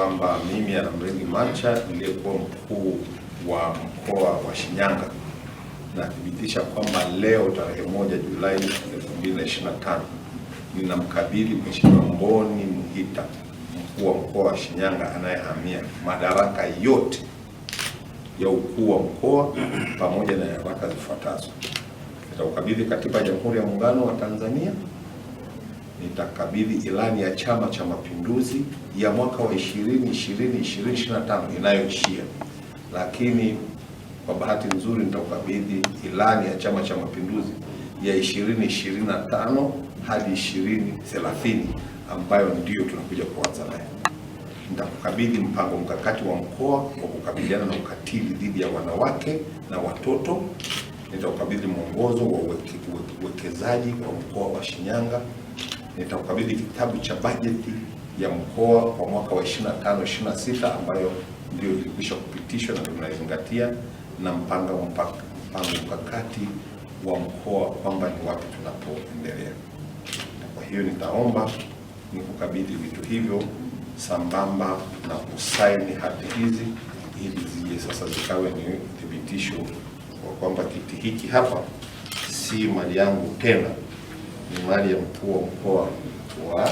kwamba mimi Anamringi Macha niliyekuwa mkuu wa mkoa wa Shinyanga nathibitisha kwamba leo tarehe moja Julai 2025 ninamkabidhi Mheshimiwa Mboni Mhita mkuu wa mkoa wa Shinyanga anayehamia madaraka yote ya ukuu wa mkoa pamoja na nyaraka zifuatazo. Nitaukabidhi Katiba ya Jamhuri ya Muungano wa Tanzania nitakabidhi ilani ya Chama cha Mapinduzi ya mwaka wa 2020-2025 inayoishia, lakini kwa bahati nzuri nitakabidhi ilani ya Chama cha Mapinduzi ya 2025 hadi 2030 ambayo ndiyo tunakuja kuanza nayo. Nitakukabidhi mpango mkakati wa mkoa wa kukabiliana na ukatili dhidi ya wanawake na watoto. Nitakukabidhi mwongozo wa uwekezaji kwa mkoa wa Shinyanga nitakukabidhi kitabu cha bajeti ya mkoa kwa mwaka wa 25 26 ambayo ndio ilikwisha kupitishwa na tunaizingatia na mpango mkakati wa mkoa kwamba ni wapi tunapoendelea. kwa hiyo nitaomba nikukabidhi vitu hivyo sambamba na kusaini hati hizi ili zije sasa zikawe ni uthibitisho wa kwamba kiti hiki hapa si mali yangu tena ni mali ya mkuu wa mkoa wa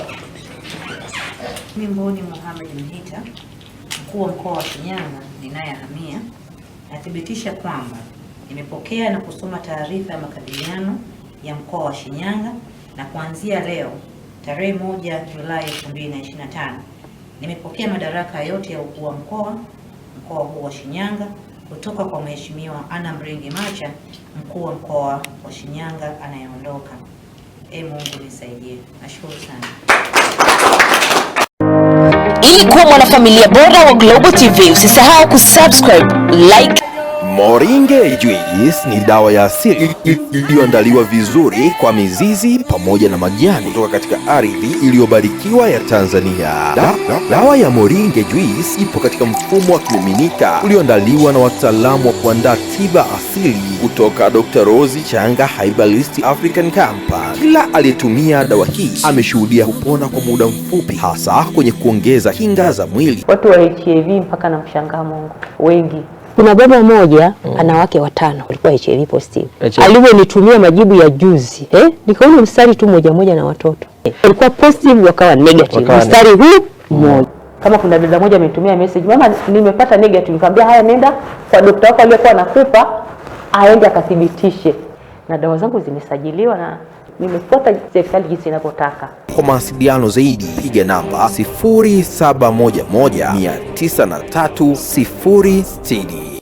Mboni Mohamed Mhita, mkuu wa mkoa wa Shinyanga ninayehamia, nathibitisha kwamba nimepokea na kusoma taarifa ya makabiliano ya mkoa wa Shinyanga na kuanzia leo tarehe moja Julai 2025 nimepokea madaraka yote ya ukuu wa mkoa mkoa huu wa Shinyanga kutoka kwa Mheshimiwa Anna Mringi Macha, mkuu wa mkoa wa Shinyanga anayeondoka. E Mungu nisaidie. Nashukuru sana. Ili kuwa mwanafamilia bora wa Global TV, usisahau kusubscribe, like Moringe juice ni dawa ya asili iliyoandaliwa vizuri kwa mizizi pamoja na majani kutoka katika ardhi iliyobarikiwa ya Tanzania. Da, da, dawa ya Moringe juice ipo katika mfumo wa kimiminika ulioandaliwa na wataalamu wa kuandaa tiba asili kutoka Dr. Rose Changa Herbalist African Company. Kila aliyetumia dawa hii ameshuhudia kupona kwa muda mfupi, hasa kwenye kuongeza kinga za mwili. Watu wa HIV mpaka na mshangaa Mungu wengi kuna baba moja mm. ana wake watano walikuwa HIV positive. Alivyonitumia majibu ya juzi eh, nikaona mstari tu moja moja na watoto eh, walikuwa positive wakawa negative wakawa mstari huu mm. mmoja mm. Kama kuna dada moja ametumia message, mama nimepata negative, nikamwambia haya, nenda kwa daktari wako aliyekuwa anakupa aende akathibitishe, na dawa zangu zimesajiliwa na nimefuata serikali jinsi inavyotaka. Kwa mawasiliano zaidi piga namba 0711 903 060.